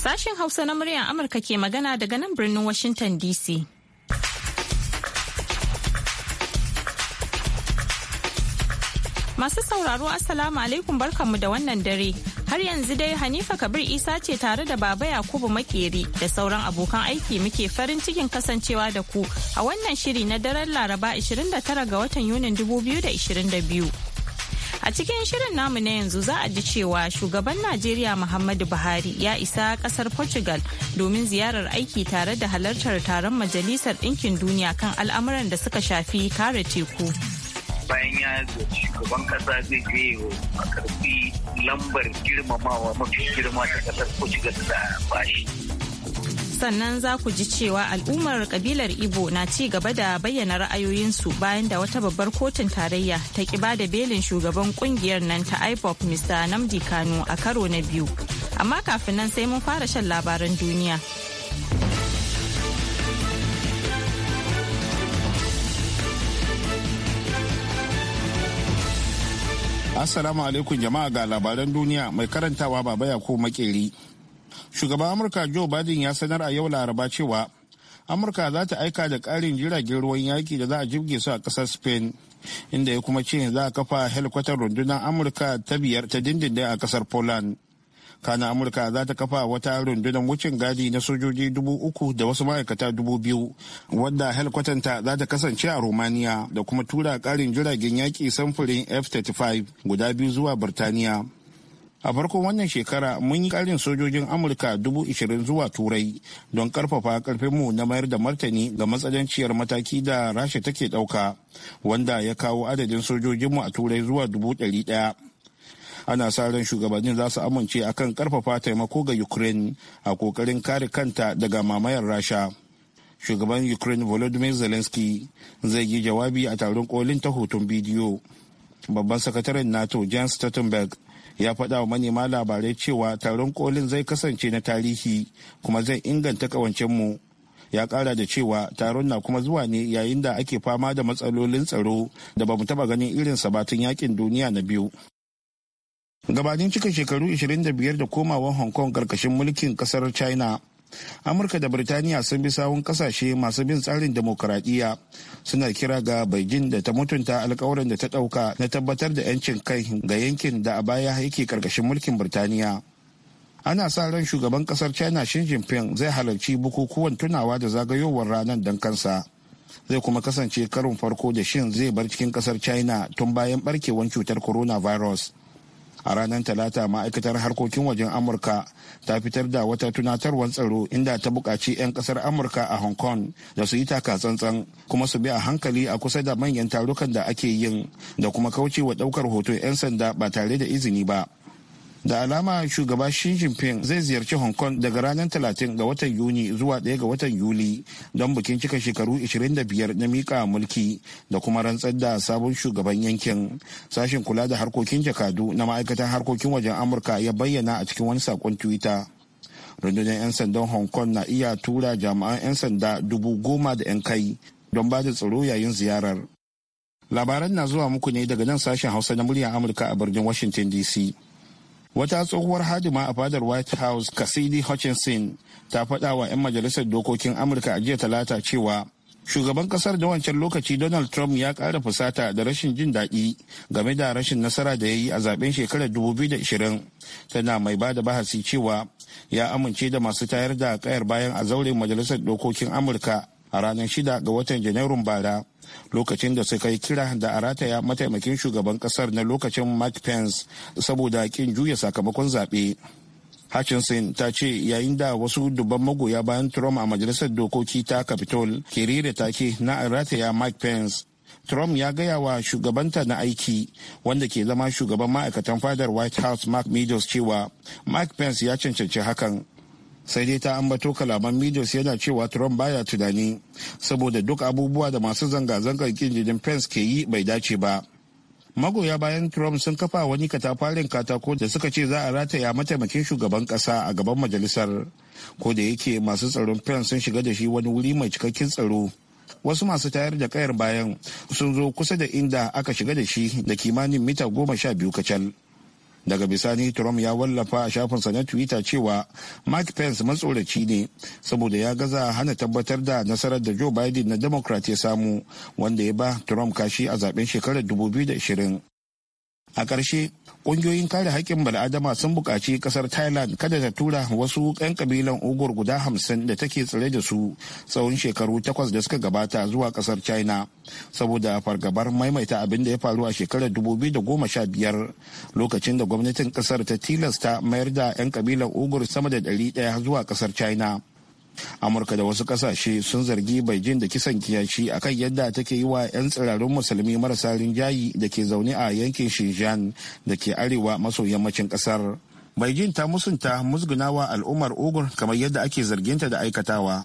Sashen Hausa na muryar Amurka ke magana daga nan birnin Washington DC. Masu sauraro Assalamu alaikum barkanmu da wannan dare. Har yanzu dai Hanifa Kabir Isa ce tare da Baba Yakubu Makeri da sauran abokan aiki muke farin cikin kasancewa da ku a wannan shiri na daren Laraba 29 ga watan Yunin 2022. A cikin shirin namu na yanzu za a ji cewa shugaban Najeriya Muhammadu Buhari ya isa kasar Portugal domin ziyarar aiki tare da halartar taron Majalisar Ɗinkin Duniya kan al'amuran da suka shafi kare teku. bayan ya shugaban kasa zai je a karfi lambar girmamawa mafi girma ta kasar portugal da bashi sannan za ku ji cewa al'ummar kabilar ibo na ci gaba da bayyana ra'ayoyinsu bayan da wata babbar kotun tarayya ta ki bada belin shugaban kungiyar nan ta ipop mr namdi kano a karo na biyu amma kafin nan sai mun fara shan labaran duniya assalamu alaikum jama'a ga labaran duniya mai karantawa baba ya ko makeri shugaban amurka joe biden ya sanar a yau laraba cewa amurka za ta aika da karin jiragen ruwan yaki da za a jibge su a ƙasar spain inda ya kuma ce za a kafa helikwatar rundunar amurka ta biyar ta dindindin a ƙasar poland kana amurka za ta kafa wata rundunar wucin gadi na sojoji dubu uku da wasu ma'aikata dubu biyu wadda helikwatanta za ta kasance a romania da kuma tura ƙarin jiragen yaki samfurin f-35 guda biyu zuwa birtaniya a farkon wannan shekara mun yi karin sojojin amurka dubu ishirin zuwa turai don karfafa karfinmu na mayar da martani ga matsalanciyar mataki da rasha take ɗauka wanda ya kawo adadin sojojinmu a turai zuwa dubu ɗari ɗaya ana sa ran shugabannin za su amince akan karfafa taimako ga ukraine a kokarin kare kanta daga mamayar rasha shugaban ukraine volodymyr zelensky zai yi jawabi a taron kolin ta hoton bidiyo babban sakataren nato jens stoltenberg ya faɗa wa manema labarai cewa taron kolin zai kasance na tarihi kuma zai inganta kawancenmu ya kara da cewa taron na kuma zuwa ne yayin da ake fama da matsalolin tsaro da bamu taɓa ganin irin sabatun yakin duniya na biyu gabanin cika shekaru 25 da komawa hong kong karkashin mulkin kasar china amurka da birtaniya sun bi sawun kasashe masu bin tsarin demokuraɗiyya suna kira ga beijing da ta mutunta alkawarin da ta ɗauka na tabbatar da 'yancin kai ga yankin da a baya yake karkashin mulkin birtaniya ana sa ran shugaban kasar china xi jinping zai halarci bukukuwan tunawa da zagayowar ranar don kansa zai kuma kasance karin farko da shin zai bar cikin kasar china tun bayan barkewar cutar coronavirus a ranar talata ma'aikatar harkokin wajen amurka ta fitar da wata tunatarwar tsaro inda ta bukaci 'yan ƙasar amurka a hong kong da su yi taka tsantsan kuma su bi a hankali a kusa da manyan tarukan da ake yin da kuma kaucewa ɗaukar hoton 'yan sanda ba tare da izini ba da alama shugaba Xi Jinping zai ziyarci Hong Kong daga ranar talatin ga watan Yuni zuwa 1 ga watan Yuli don bikin cika shekaru 25 na mika mulki da kuma rantsar da sabon shugaban yankin. Sashen kula da harkokin jakadu na ma'aikatan harkokin wajen Amurka ya bayyana a cikin wani sakon Twitter. Rundunar 'yan sandan Hong Kong na iya tura jami'an 'yan sanda dubu goma da 'yan kai don ba da tsaro yayin ziyarar. Labaran na zuwa muku ne daga nan sashen Hausa na muryar Amurka a birnin Washington DC. Wata tsohuwar hadima a fadar White House, Cassidy Hutchinson, ta faɗa wa 'yan majalisar dokokin Amurka a jiya talata cewa shugaban kasar da wancan lokaci Donald Trump ya ƙara fusata da rashin jin daɗi game da rashin nasara da ya yi a zaben shekarar 2020 tana mai ba da bahasi cewa ya amince da masu tayar da kayar bayan a zaure majalisar dokokin Amurka a ranar 6 ga watan Janairun bara lokacin da suka yi kira da a rataya mataimakin shugaban kasar na lokacin mike pence saboda kin juya sakamakon zaɓe hutchinson ta ce yayin da wasu dubban magoya bayan trump a majalisar dokoki ta capitol ke rera take na a rataya mike pence Trump ya gaya wa shugabanta na aiki wanda ke zama shugaban ma'aikatan fadar White House Mark Meadows cewa Mike Pence ya cancanci hakan sai dai ta ambato kalaman medios yana cewa trump baya tunani saboda duk abubuwa da masu zanga-zangar kinjinin pence ke yi bai dace ba magoya bayan trump sun kafa wani katafaren katako da suka ce za a rataya mataimakin shugaban kasa a gaban majalisar ko da yake masu tsaron pence sun shiga da shi wani wuri mai cikakken tsaro wasu masu tayar da kayar bayan sun zo kusa da inda aka shiga da shi da kimanin mita goma sha biyu kacal daga bisani trump ya wallafa a shafinsa na twitter cewa mike pence matsoraci ne saboda ya gaza hana tabbatar da nasarar da joe biden na democrat ya samu wanda ya ba trump kashi a zaben shekarar 2020 a ƙarshe ƙungiyoyin kare haƙƙin bal'adama sun buƙaci ƙasar thailand kada ta tura wasu 'yan ƙabilan ugur guda hamsin da take tsire da su tsawon shekaru takwas da suka gabata zuwa ƙasar china saboda fargabar maimaita abin da ya faru a shekarar 2015 lokacin da gwamnatin ƙasar ta tilasta mayar da 'yan ƙabilan ugur sama da 100 zuwa ƙasar china amurka da wasu kasashe sun zargi beijing da kisan kiyashi akan yadda take yi wa 'yan tsirarun musulmi marasa rinjayi da ke zaune a yankin xinjiang da ke arewa maso yammacin kasar beijing ta musunta musgunawa al'ummar ugur kamar yadda ake zarginta da aikatawa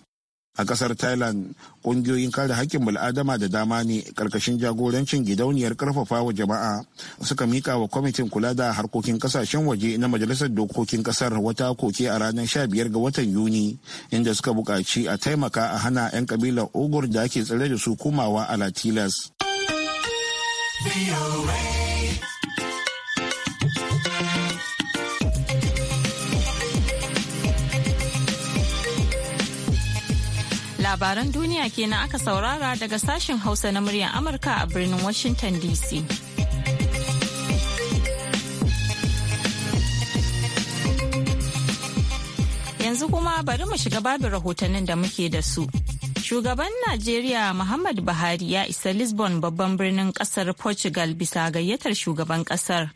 A kasar Thailand, kungiyoyin kare haƙƙin bil'adama da dama ne ƙarƙashin jagorancin gidauniyar ƙarfafa wa jama'a suka mika wa kwamitin kula da harkokin ƙasashen waje na Majalisar Dokokin ƙasar wata koke a ranar 15 ga watan Yuni, inda suka buƙaci a taimaka a hana 'yan ƙabilar Ogur da ake tsare da su komawa a Latilas. labaran duniya kenan aka saurara daga sashen Hausa na muryar Amurka a birnin Washington DC. Yanzu kuma bari mu shiga babin rahotannin da muke da su. Shugaban Najeriya Muhammadu Buhari ya isa Lisbon babban birnin kasar Portugal bisa gayyatar shugaban kasar.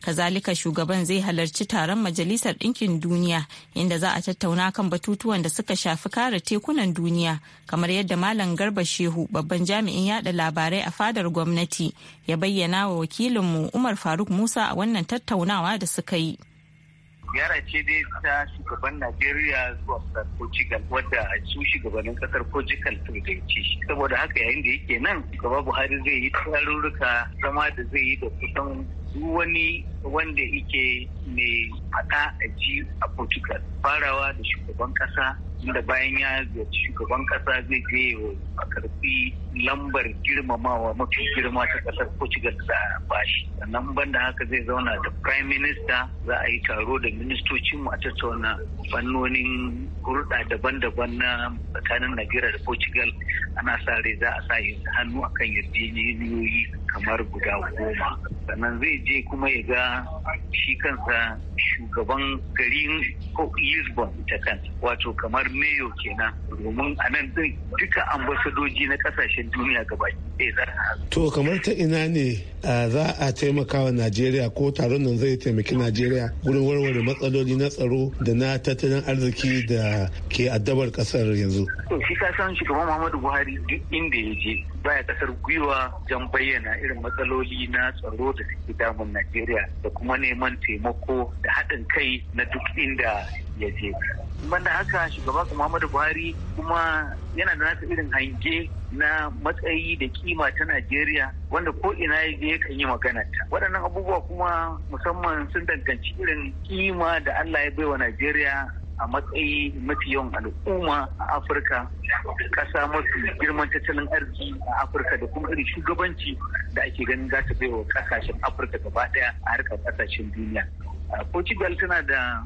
Kazalika shugaban zai halarci taron Majalisar Ɗinkin Duniya inda za a tattauna kan batutuwan da suka shafi kare tekunan duniya kamar yadda Malam Garba Shehu babban jami'in yada labarai a fadar gwamnati ya bayyana wa wakilinmu Umar Faruk Musa a wannan tattaunawa da suka yi. ziyara ce dai ta shugaban najeriya zuwa kasar portugal wadda su shugabannin ƙasar portugal sun gaici shi saboda haka yayin da yake nan shugaba buhari zai yi tarurruka zama da zai yi da kusan wani wanda yake mai haɗa a ji a portugal farawa da shugaban ƙasa, inda bayan ya ziyarci shugaban kasa zai je a karfi lambar girmamawa mafi girma ta kasar portugal za a bashi sannan banda haka zai zauna da prime minister za a yi taro da ministocinmu a tattauna fannonin hulɗa daban-daban na tsakanin najeriya da portugal ana sa rai za a sa hannu akan yarjejeniyoyi kamar guda goma sannan zai je kuma ya ga shi kansa shugaban garin lisbon ta kan wato kamar mayo kenan domin a nan duka ambasadoji na kasashen duniya gabaki Eh, to kamar ta ina ne za a taimaka wa Najeriya ko taron nan zai taimaki Najeriya wurin warware matsaloli na tsaro da na tattalin arziki da ke addabar kasar yanzu. To shi ka san shugaban Muhammadu Buhari duk inda ya je baya kasar gwiwa don bayyana irin matsaloli na tsaro da suke damun Najeriya da kuma neman taimako da haɗin kai na duk inda ya je banda haka shugaba muhammadu buhari kuma yana da nasa irin hange na matsayi da kima ta najeriya wanda ko ina ya je kan yi magana ta waɗannan abubuwa kuma musamman sun danganci irin kima da allah ya baiwa najeriya a matsayi mafi yawan al'umma a afirka ƙasa mafi girman tattalin arziki a afirka da kuma irin shugabanci da ake ganin za ta baiwa ƙasashen afirka gaba ɗaya a harkar ƙasashen duniya portugal tana da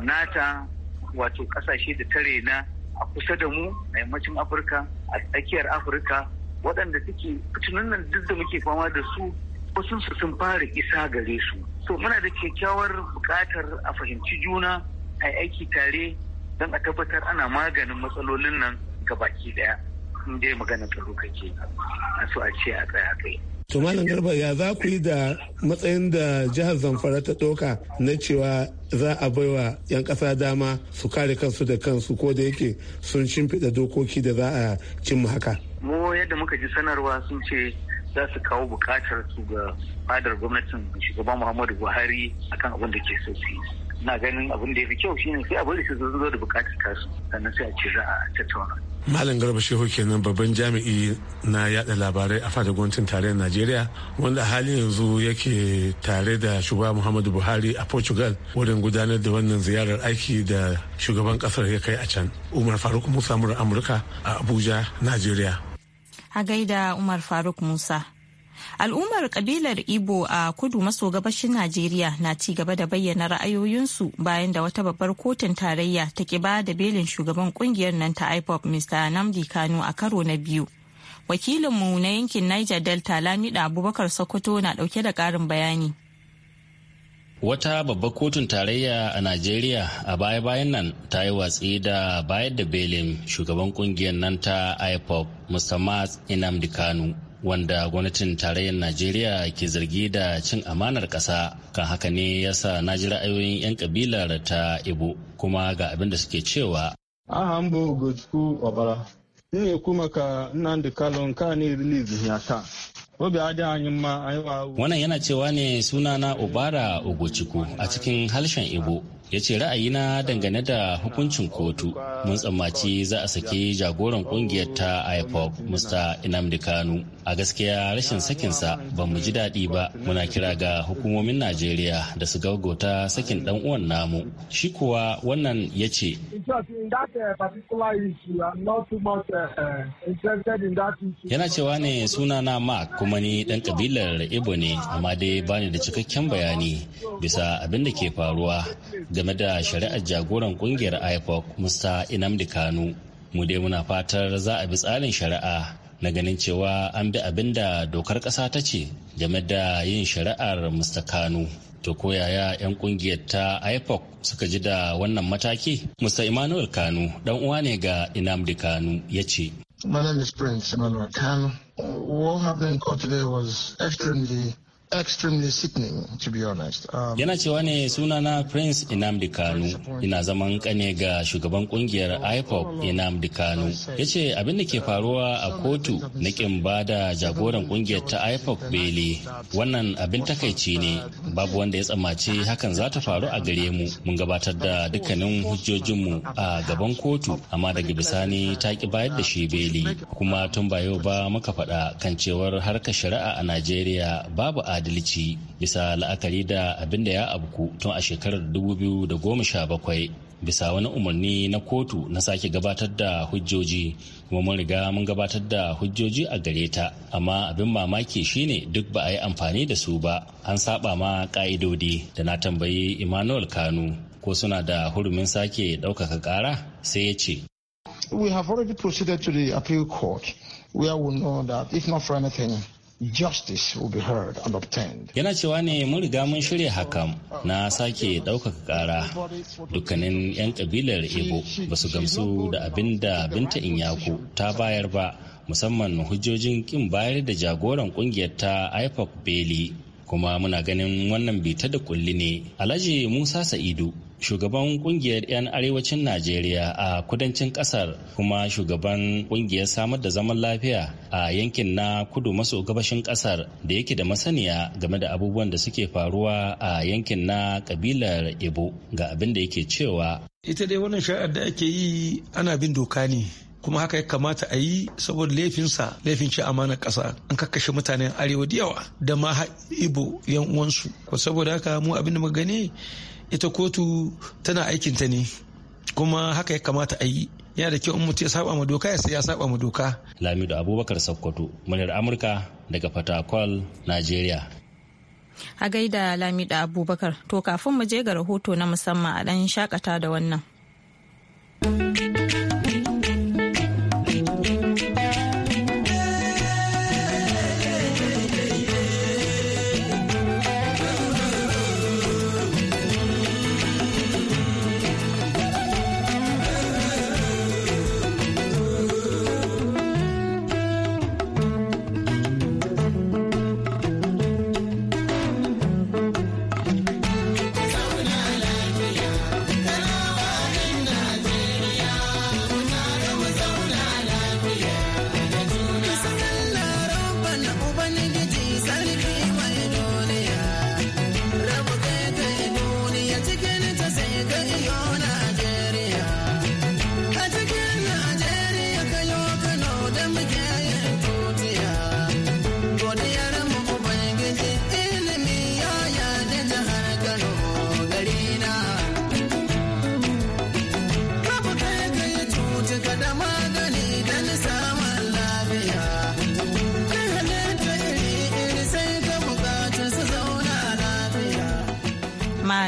nata wato kasashe da tare na a kusa da mu a yammacin afirka a tsakiyar afirka waɗanda suke fitinan duk da muke fama da su wasu su sun fara isa gare su to muna da kyakkyawar buƙatar a fahimci juna a aiki tare don a tabbatar ana maganin matsalolin nan ga baki ɗaya in dai maganar tsaro kake a so a ce a tsaya kai To Malam Garba ya za ku yi da matsayin da jihar Zamfara ta ɗauka na cewa za a baiwa 'yan ƙasa dama su kare kansu da kansu ko da yake sun shimfiɗa dokoki da za a cimma haka. Mu yadda muka ji sanarwa sun ce za su kawo bukatar su ga fadar gwamnatin shugaban Muhammadu Buhari akan abin da ke so su yi. na ganin abin da ya fi kyau shine sai a bari su zo da bukatar kasu sannan sai a ci za a tattauna Malam Garba Shehu kenan babban jami'i na yada labarai a fadar gwamnatin tarayyar Najeriya wanda halin yanzu yake tare da shugaba Muhammadu Buhari a Portugal wurin gudanar da wannan ziyarar aiki da shugaban kasar ya kai a can. Umar Faruk Musa Amurka a Abuja, Najeriya. A gaida Umar Faruk Musa. Al'ummar kabilar Igbo a kudu maso gabashin Najeriya na ci gaba da bayyana ra'ayoyinsu bayan da wata babbar kotun tarayya ta ba da belin shugaban kungiyar nan ta IPOP Mr. Namdi Kano a karo na biyu. Wakilinmu na yankin Niger Delta Lamida Abubakar Sokoto na dauke da karin bayani. Wata babbar kotun tarayya a Najeriya a baya-bayan nan ta yi watsi da bayar da belin shugaban kungiyar nan ta IPOP Musamman Inamdi Kanu. wanda gwamnatin tarayyar najeriya ke zargi da cin amanar ƙasa kan haka ne ya sa na ji ra'ayoyin 'yan kabilar ta ibo kuma ga abin da suke cewa aha mbụ ugochukwu ọbara m na-ekwu maka nnamdị kalụ nke a na ya taa obi anyị mma anyị wannan yana cewa ne sunana obara ugochukwu a cikin harshen ibo ya ce ra'ayina dangane da hukuncin kotu mun tsammaci za a saki jagoran kungiyar ta ipop mr inamdi kanu a gaskiya rashin sakinsa ba mu ji daɗi ba muna kira ga hukumomin najeriya da su gaugota sakin dan uwan namu shi kuwa wannan ya ce yana cewa ne sunana mark kuma ni dan kabilar ibo ne amma dai bani da cikakken bayani bisa abin da ke faruwa game da shari'ar jagoran kungiyar ipoc musta inamdi kanu mu dai muna fatar za a bi tsarin shari'a na ganin cewa an bi abin da dokar ƙasa ta ce game da yin shari'ar mr kanu to ko yaya 'yan kungiyar ta ipoc suka ji da wannan mataki Mr. emmanuel kanu dan uwa ne ga inamdi kanu ya ce My name is Prince Emmanuel What happened today was extremely extremely sickening to be honest. Um, Yana cewa ne sunana Prince Inamdi Kanu ina zaman kane ga shugaban kungiyar IPOP Inamdi Kanu. Ya ce abin da ke faruwa a kotu na kin ba da jagoran kungiyar ta IPOP beli wannan abin takaici ne babu wanda ya tsammaci hakan za ta faru a gare mu mun gabatar da dukkanin hujjojinmu a gaban kotu amma daga bisani ta ki bayar da shi beli kuma tun ba yau ba muka faɗa kan cewar harkar shari'a a Najeriya babu a adalci bisa la'akari da abin da ya abku tun a shekarar 2017 bisa wani umarni na kotu na sake gabatar da hujjoji kuma mun riga mun gabatar da hujjoji a gare ta amma abin mamaki shine duk ba a yi amfani da su ba an saba ma ka'idodi da na tambayi emmanuel kanu ko suna da hurumin sake ɗaukaka ƙara sai ya ce we have already proceeded to the appeal court where we know that if not for anything justice will be heard and Yana cewa ne mun riga mun shirya hakan na sake ɗaukaka ƙara dukkanin 'yan ƙabilar Ebo ba su gamsu da abinda da Binta Inyako ta bayar ba musamman hujjojin kin bayar da jagoran ƙungiyar ta ipop Bailey. kuma muna ganin wannan bita da kulli ne alhaji musa sa'idu shugaban kungiyar 'yan arewacin najeriya a kudancin kasar kuma shugaban kungiyar samar da zaman lafiya a yankin na kudu maso gabashin kasar da yake da masaniya game da abubuwan da suke faruwa a yankin na kabilar ibo ga abin da yake cewa ita dai wannan shari'ar da ake yi ana bin doka ne kuma haka ya kamata a yi saboda laifinsa laifin ci amana ƙasa an kakkashe mutanen arewa da yawa da ma ibo yan uwansu ko saboda haka mu abin da muka gani ita kotu tana aikinta ne kuma haka ya kamata a yi yana da kyau in mutum ya saba ma doka ya ya saba ma doka. Lamido Abubakar Sokoto, muryar Amurka daga Fatakwal, nigeria. A gaida Lamido Abubakar, to kafin mu je ga rahoto na musamman a ɗan shakata da wannan.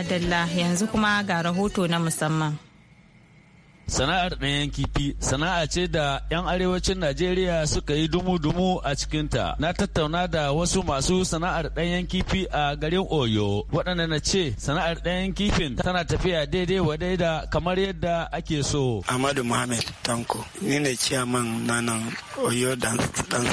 Dalla yanzu kuma ga rahoto na musamman. sana'ar ɗanyen kifi sana'a ce da 'yan arewacin najeriya suka yi dumu-dumu a cikinta na tattauna da wasu masu sana'ar ɗanyen kifi a garin oyo waɗanda na ce sana'ar ɗanyen kifin tana tafiya daidai wa da kamar yadda ake so Amadu muhammad tanko ni ne ciyaman nanan oyo dan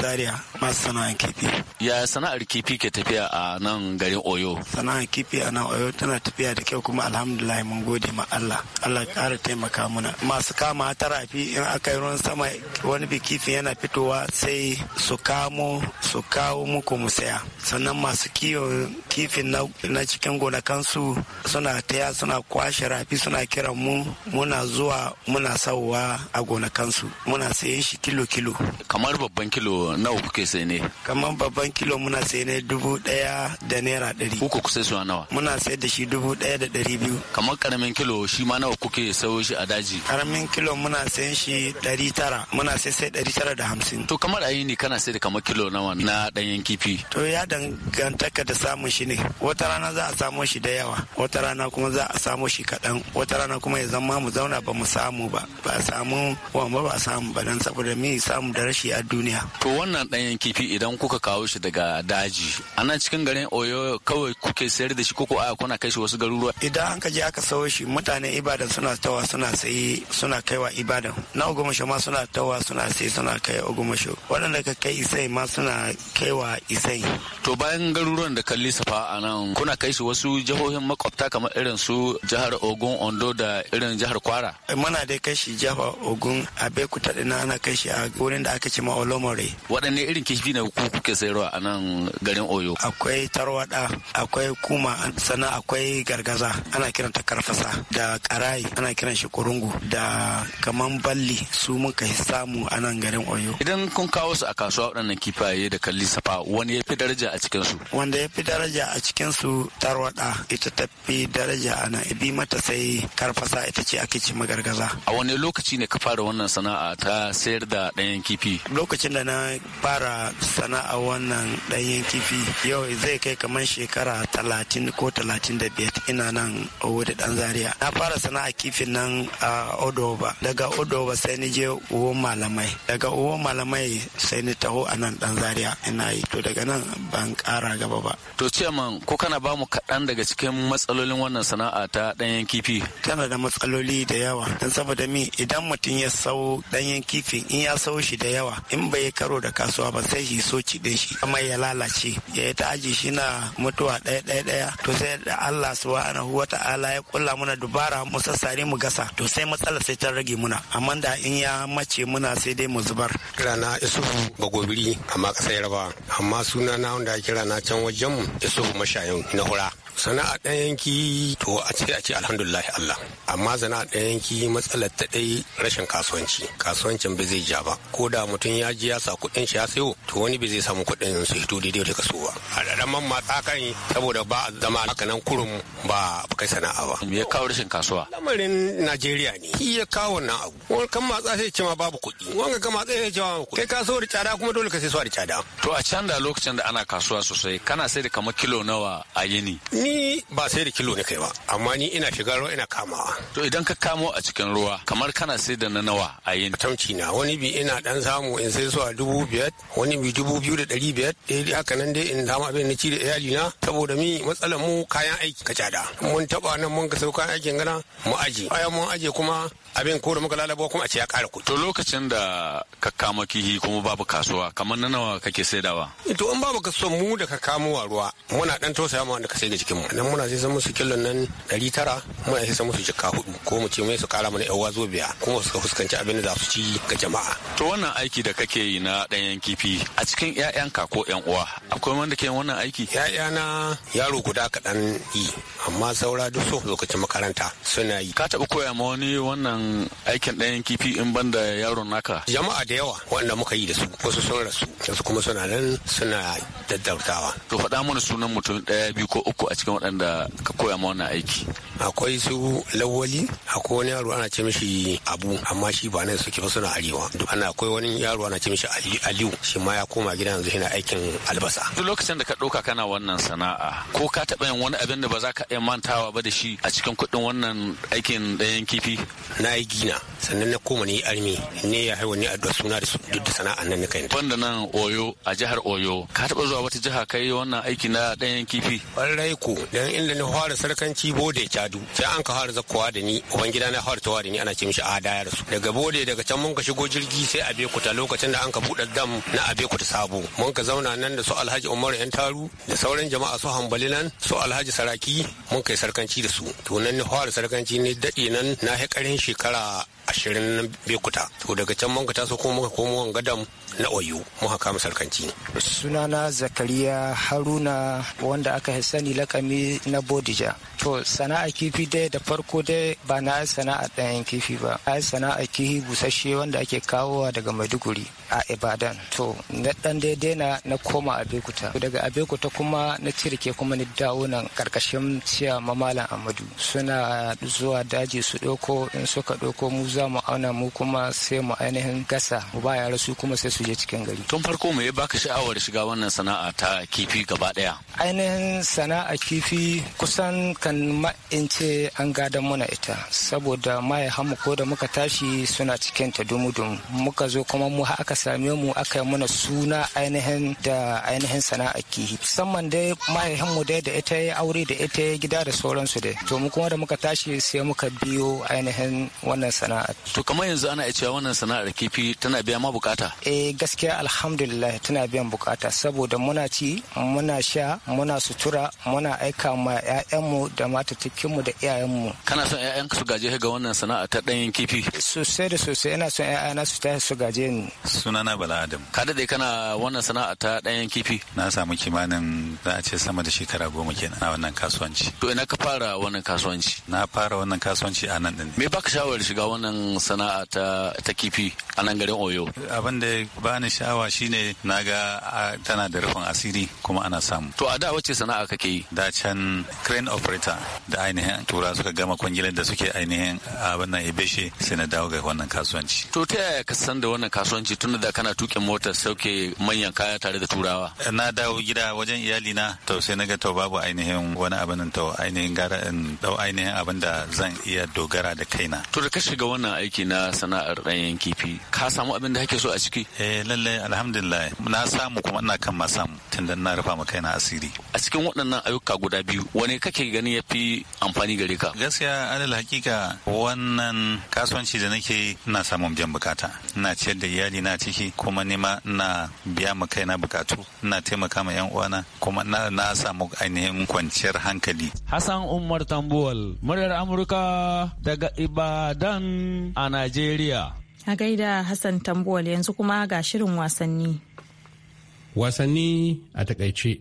zaria masu sana'ar kifi ya sana'ar kifi ke tafiya a nan garin oyo sana'ar kifi a nan oyo tana tafiya da kyau kuma alhamdulillah mun gode ma allah allah ƙara taimaka mana masu kama tarafi in aka yi ruwan sama wani bikifin yana fitowa sai su kamo su kawo muku mu saya sannan masu kiyo kifin na cikin gonakansu suna taya suna kwashe rafi suna kiran mu muna zuwa muna sauwa a gonakansu muna sayen shi kilo kilo kamar babban kilo nawa kuke sai ne kamar babban kilo muna sai ne dubu daya da naira dari kuka kusa suwa nawa muna sai da shi dubu daya da dari biyu kamar karamin kilo shi ma nawa kuke sayo shi a daji a karamin kilo muna sayan shi ɗari tara muna sai sai ɗari da hamsin. To kamar ayi ne kana sai da kamar kilo nawa na danyen kifi. To ya dangantaka da samun shi ne wata rana za a samo shi da yawa wata rana kuma za a samo shi kaɗan wata rana kuma ya zama mu zauna ba mu samu ba ba samu wamba ba samu ba dan saboda me samu da rashi a duniya. To wannan danyen kifi idan kuka kawo shi daga daji ana cikin garin Oyo kawai kuke sayar da shi koko a kuna kai shi wasu garuruwa. Idan an ka je aka sayo shi mutanen Ibadan suna tawa suna sayi suna kaiwa ibadan na ogomasho ma suna tawa suna sai suna kai ogomasho waɗanda ka kai isai ma suna kaiwa isai to bayan garuruwan da kalli safa a nan kuna kai su wasu jihohin makwabta kamar irin su jihar ogun ondo da irin jihar kwara muna dai kai shi jihar ogun abekuta na ana kai shi a wurin da aka ce ma olomore waɗanne irin kifi ne ku kuke sayarwa a nan garin oyo akwai tarwada akwai kuma sannan akwai gargaza ana kiranta karfasa da karayi ana kiran shi kurungu da kaman balli su muka samu a nan garin oyo idan kun kawo su a kasuwa waɗannan kifaye da kalli safa wani ya fi daraja a cikinsu. wanda ya fi daraja a cikinsu su tarwada ita ta fi daraja a nan bi mata sai karfasa ita ce ake ci magargaza a wani lokaci ne ka fara wannan sana'a ta sayar da ɗanyen kifi lokacin da na fara sana'a wannan ɗanyen kifi yau zai kai kamar shekara talatin ko talatin da biyar ina nan owo da ɗan zaria na fara sana'a kifin nan a odoba daga odoba sai ni je uwan malamai daga uwan malamai sai ni taho a nan dan zaria ina yi to daga nan ban kara gaba ba to ciyaman ko kana ba mu kaɗan daga cikin matsalolin wannan sana'a ta ɗanyen kifi tana da matsaloli da yawa don saboda mi idan mutum ya sau danyen kifin in ya sau shi da yawa in bai karo da kasuwa ba sai shi so ci shi amma ya lalace ya yi ta aji shi na mutuwa ɗaya daya daya to sai da Allah subhanahu wa ta'ala ya kulla mana dubara mu sassare mu gasa to sai matsala matsalar sai ta rage muna amma da in ya mace muna sai dai mu zubar rana isufu bagobiri amma kasa yarba amma suna na wanda ake rana can wajen mu mashayin na hura sana'a ɗan yanki to a ce a ce alhamdulillah Allah amma sana'a ɗan yanki matsalar ta ɗai rashin kasuwanci kasuwancin bai zai ja ba ko da mutum ya ji ya sa kuɗin shi ya sayo to wani bai zai samu kuɗin su hito daidai da kaso ba a ɗan man matsa kan saboda ba a zama haka nan kurum ba kai sana'a ba me ya kawo rashin kasuwa lamarin Najeriya ne shi ya kawo wannan abu wani kan matsa sai ce ma babu kuɗi wani kan matsa sai ce ma babu kuɗi kai kasuwar tsada kuma dole ka sai su da tsada to a can da lokacin da ana kasuwa sosai kana sai da kamar kilo nawa a yini ni ba sai da kilo ne kai ba amma ni ina shiga ruwa ina kamawa to idan ka kamo a cikin ruwa kamar kana sai da na nawa a yin tamci na wani bi ina dan samu in sai zuwa dubu biyar wani bi dubu biyu da ɗari biyar eh, dai haka nan dai in dama abin na ci da iyali na saboda mi matsalar mu kayan aiki ka mun taba nan mun ka sau kayan aikin gana mu aje bayan mun aje kuma abin ko da muka lalabo kuma a ce ya ƙara kuɗi. To lokacin da ka kama kihi kuma babu kasuwa kamar na nawa kake saidawa? Eh, to in babu kasuwa mu da ka kamo wa ruwa muna ɗan tausaya ma wanda ka sai da jikinmu. Idan muna sai san musu kilon nan ɗari tara muna sai san musu jikka hudu ko mu ce mai su ƙara mana yawa zo biya kuma su fuskanci abin da za su ci ga jama'a. To wannan aiki da kake yi na ɗanyen kifi a cikin ƴaƴanka ko ƴan uwa akwai wanda ke wannan aiki? na yaro guda kaɗan yi amma saura duk so lokacin makaranta suna yi. Ka taɓa koya ma wani wannan wannan aikin ɗayan kifi in banda yaron naka? Jama'a da yawa wanda muka yi da su wasu sun rasu wasu kuma suna nan suna daddautawa. To faɗa mana sunan mutum ɗaya biyu ko uku a cikin waɗanda ka koya ma wannan aiki. Akwai su lawali akwai wani yaro ana ce mishi abu amma shi ba nan suke ba suna arewa. Ana akwai wani yaro ana ce mishi aliyu shi ma ya koma gida yanzu yana aikin albasa. Duk lokacin da ka ɗauka kana wannan sana'a ko ka taɓa yin wani abin da ba za ka iya mantawa ba da shi a cikin kuɗin wannan aikin ɗayan kifi. na yi gina sannan na koma yi armi ne ya haihuwa ne a suna da su duk da sana'a nan nika yanta. Wanda nan Oyo a jihar Oyo ka taɓa zuwa wata jiha yi wannan aiki na ɗanyen kifi. Ƙwarai ko dan inda na fara sarkanci bode cadu sai an ka fara zakkowa da ni uban gida na fara tawa da ni ana ce mishi a da su. Daga bode daga can mun ka shigo jirgi sai a Bekuta lokacin da an ka buɗe dam na a Bekuta sabo. Mun ka zauna nan da su Alhaji Umar yan taru da sauran jama'a su hambali nan su Alhaji Saraki mun kai sarkanci da su. To nan sarkanci ne daɗe nan na haƙarin shi shekara ashirin na bekuta to daga can mun ta so kuma muka komo wanga dam na oyu muka kama sarkanci sunana zakariya haruna wanda aka sani lakami na bodija to sana'a kifi dai da farko dai ba na sana'a ɗayan kifi ba a sana'a kifi busasshe wanda ake kawowa daga maiduguri a ibadan to na dan daidai na na koma abekuta daga abekuta kuma na cirke kuma ni dawo nan karkashin ciya mamalan amadu suna zuwa daji su ɗauko in suka ɗauko mu za mu auna mu kuma sai mu ainihin gasa mu ba yara su kuma sai su je cikin gari tun farko mu ya baka sha'awar shiga wannan sana'a ta kifi gaba ɗaya. ainihin sana'a kifi kusan kan ma in ce an gadon mana ita saboda maye hamu ko da muka tashi suna cikin ta dumudum muka zo kuma mu aka same mu aka yi mana suna ainihin da ainihin sana'a kifi musamman dai maye hamu dai da ita ya aure da ita ya gida da sauransu dai to mu kuma da muka tashi sai muka biyo ainihin wannan sana'a To kamar yanzu ana iya cewa wannan sana'ar kifi tana biya ma bukata? Eh gaskiya alhamdulillah tana biyan bukata saboda muna ci muna sha muna sutura muna aika ma mu da matattakinmu da iyayenmu. Kana son 'ya'yanka su gaje ga wannan sana'a ta ɗanyen kifi? Sosai da sosai ina son 'ya'yana su tashi su gaje ni. Sunana Bala Adam. Ka daɗe kana wannan sana'a ta ɗanyen kifi? Na samu kimanin za a ce sama da shekara goma kenan a wannan kasuwanci. To ina ka fara wannan kasuwanci? Na fara wannan kasuwanci a nan ɗin. Me baka shawarar shiga wannan sana'a ta, ta kifi a nan garin oyo abin da ba ni sha'awa shine Naga tana da rufin asiri kuma ana samu to a da wace sana'a kake yi da can crane operator da ainihin tura suka gama kwangilar da suke ainihin abin nan ibeshe sai na dawo ga wannan kasuwanci to ta yaya ka san da wannan kasuwanci tun da kana tuke motar sauke manyan kaya tare da turawa na dawo gida wajen na to sai na ga to babu ainihin wani abin to ainihin gara in dau ainihin abin da zan iya dogara da kaina to da ka shiga wannan wannan aiki na sana'ar ɗanyen kifi ka samu abin da kake so a ciki eh lalle alhamdulillah na samu kuma ina kan ma samu tunda ina rufa ma kaina asiri a cikin waɗannan ayyuka guda biyu wani kake gani yafi amfani gare ka gaskiya alal hakika wannan kasuwanci da nake ina samun biyan bukata ina ciyar da iyali na ciki kuma nima ina biya ma kaina bukatu ina taimaka ma yan uwana kuma na samu ainihin kwanciyar hankali Hassan Umar Tambuwal muryar Amurka daga Ibadan a Najeriya. A gaida Hassan Tambuwal yanzu kuma ga shirin wasanni. Wasanni a takaice.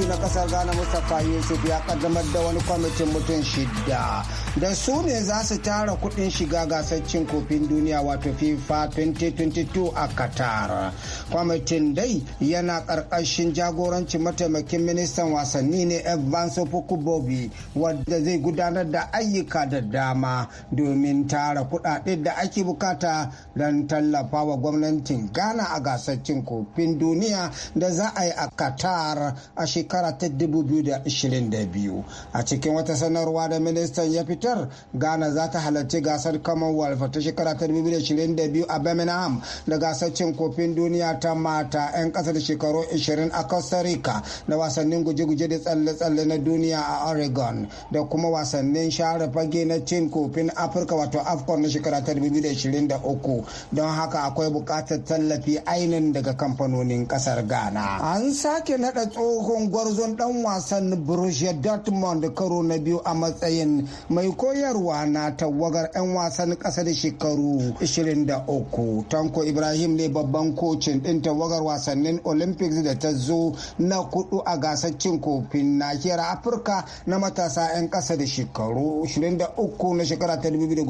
mulki na kasar ghana mustapha yusuf ya kaddamar da wani kwamitin mutum shida da su ne za su tara kudin shiga gasar cin kofin duniya wato fifa 2022 a qatar kwamitin dai yana karkashin jagorancin mataimakin ministan wasanni ne evans fukubobi wadda zai gudanar da ayyuka da dama domin tara kudade da ake bukata don tallafawa gwamnatin ghana a gasar cin kofin duniya da za a yi a qatar a shekaru shekara ta 2022 a cikin wata sanarwa da ministan ya fitar ghana za ta halarci gasar commonwealth ta shekara ta 2022 a birmingham da gasar cin kofin duniya ta mata 'yan kasar shekaru 20 a costa rica da wasannin guje-guje da tsalle-tsalle na duniya a oregon da kuma wasannin share fage na cin kofin afirka wato afcon na shekara ta 2023 don haka akwai bukatar tallafi ainihin daga kamfanonin kasar ghana an sake naɗa tsohon gwarzon dan wasan Borussia Dortmund karo na biyu a matsayin mai koyarwa na tawagar 'yan wasan kasa da shekaru 23. Tanko Ibrahim ne babban kocin din tawagar wasannin Olympics da ta zo na kudu a gasar cin kofin nahiyar Afirka na matasa 'yan kasa da shekaru 23 na shekara ta 2019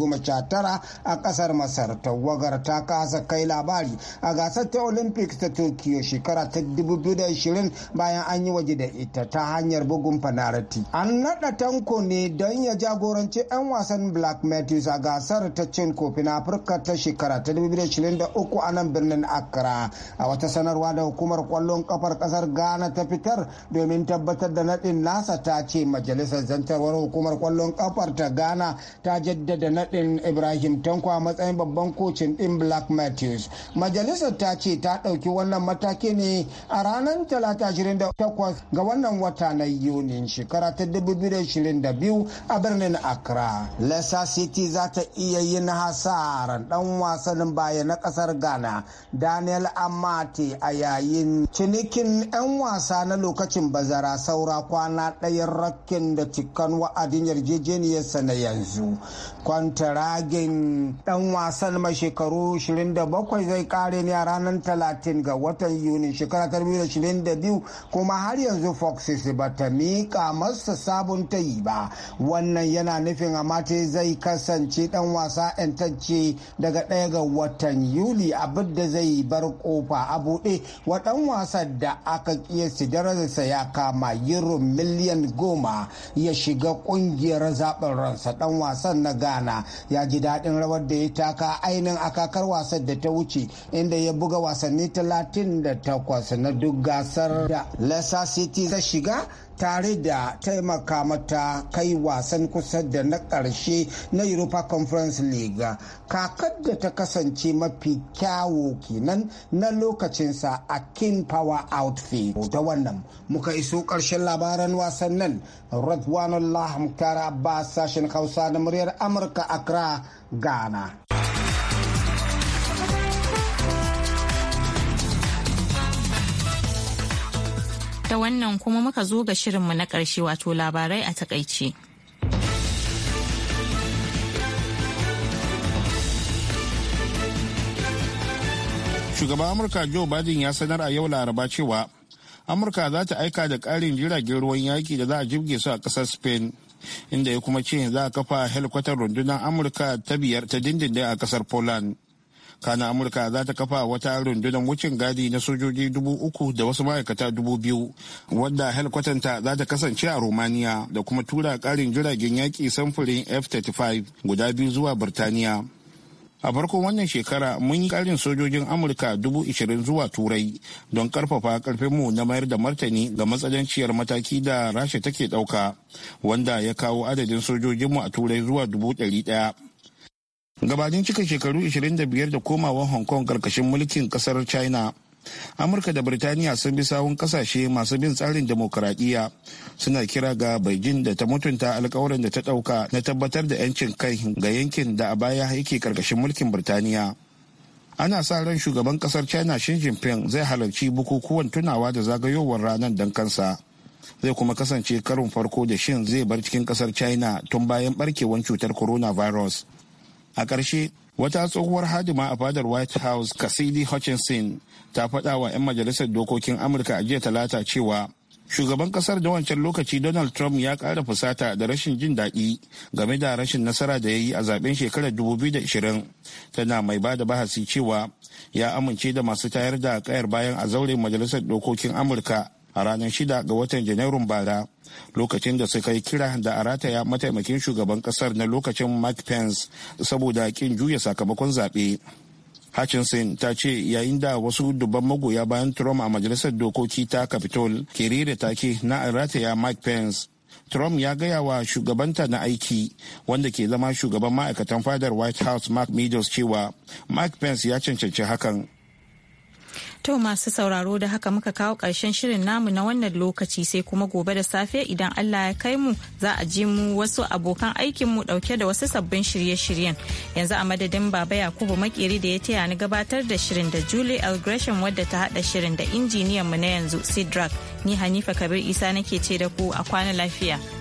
a kasar Masar. Tawagar ta kasa kai labari a gasar ta Olympics ta Tokyo shekara ta 2020 bayan an yi wa da ita ta hanyar bugun fanarati. An naɗa tanko ne don ya jagoranci 'yan wasan Black Matthews a gasar ta cin kofin Afirka ta shekara ta 2023 a nan birnin Accra. A wata sanarwa da hukumar kwallon kafar kasar Ghana ta fitar domin tabbatar da naɗin nasa ta ce majalisar zantarwar hukumar kwallon kafar ta Ghana ta jaddada naɗin Ibrahim Tanko a matsayin babban kocin ɗin Black Matthews. Majalisar ta ce ta ɗauki wannan mataki ne a ranar talata 28 ga wannan wata na Yunin shekara ta 2022 a birnin Accra. Leicester City za ta iya yin hasaran dan wasanin baya na kasar Ghana Daniel Amate a yayin cinikin 'yan wasa na lokacin bazara saura kwana ɗayan rakin da cikan wa'adin yarjejeniyarsa na yanzu. Kwantaragin dan wasan mai shekaru 27 zai kare ne a ranar 30 ga watan Yuni shekara 2022 kuma har yanzu foxes ba ta miƙa masa sabon yi ba wannan yana nufin amate zai kasance dan wasa 'yantacce daga ɗaya ga watan yuli abin da zai bar kofa a buɗe wa wasan da aka kiyasta darajarsa ya kama euro miliyan goma ya shiga ƙungiyar zaɓin ransa dan wasan na ghana ya ji daɗin rawar da ya taka ainihin a kakar wasan da ta wuce inda ya buga wasanni 38 na duk gasar da lasasi. city ta shiga tare da taimaka mata kai wasan kusa da na ƙarshe na europa conference league kakar da ta kasance mafi kyawo kenan na lokacinsa a king power outfit ta wannan muka iso ƙarshen labaran wasan nan radwanullah muktar abbas sashen hausa na muryar amurka accra ghana ta wannan kuma muka zo ga shirinmu na ƙarshe wato labarai a takaice. Shugaban Amurka Joe Biden ya sanar a yau Laraba cewa Amurka za ta aika da ƙarin jiragen ruwan yaƙi da za a jibge su a ƙasar Spain. Inda ya kuma ce za a kafa helikwatar rundunar Amurka ta biyar ta dindindin a ƙasar Poland. kana amurka za ta kafa wata rundunar wucin gadi na sojoji dubu uku da wasu ma'aikata dubu biyu wadda helkwatanta za ta kasance a romania da kuma tura karin jiragen yaƙi samfurin f-35 guda biyu zuwa birtaniya a farko wannan shekara mun yi karin sojojin amurka dubu ishirin zuwa turai don karfafa karfinmu na mayar da martani ga matsalanciyar mataki da rasha take dauka wanda ya kawo adadin sojojinmu a turai zuwa dubu ɗari ɗaya gabanin cika shekaru 25 da komawa hong kong karkashin mulkin kasar china amurka da birtaniya sun bi sawun kasashe masu bin tsarin demokuraɗiyya suna kira ga beijing da ta mutunta alkawarin da ta ɗauka na tabbatar da 'yancin kai ga yankin da a baya yake karkashin mulkin birtaniya ana sa ran shugaban kasar china xi jinping zai halarci bukukuwan tunawa da zagayowar ranar dan kansa zai kuma kasance karin farko da shin zai bar cikin kasar china tun bayan barkewar cutar coronavirus a ƙarshe wata tsohuwar hadima a fadar white house cassidy hutchinson ta faɗa wa 'yan majalisar dokokin amurka a jiya talata cewa shugaban kasar da wancan lokaci donald trump ya ƙara fusata da rashin jin daɗi game da rashin nasara da ya yi a zaben shekarar 2020 tana mai ba da bahasi cewa ya amince da masu tayar da kayar bayan a zaure majalisar dokokin amurka a ranar shida ga watan janairun bara lokacin da suka yi kira da a rataya mataimakin shugaban kasar na lokacin mike pence saboda kin juya sakamakon zaɓe hutchinson ta ce yayin da wasu dubban magoya bayan trump a majalisar dokoki ta capitol ke rere take na a rataya mike pence Trump ya gaya wa shugabanta na aiki wanda ke zama shugaban ma'aikatan fadar White House Mark Meadows cewa Mike Pence ya cancanci hakan. To masu sauraro da haka muka kawo ƙarshen shirin namu na wannan lokaci sai kuma gobe da safe idan Allah ya kai mu za a ji mu wasu abokan aikinmu ɗauke da wasu sabbin shirye-shiryen. Yanzu a madadin Baba Yakubu Makeri da ya taya ni gabatar da shirin da Julie L. Gresham wadda ta haɗa shirin da injiniyan mu na yanzu Sidrak. Ni Hanifa Kabir Isa nake ce da ku a kwana lafiya.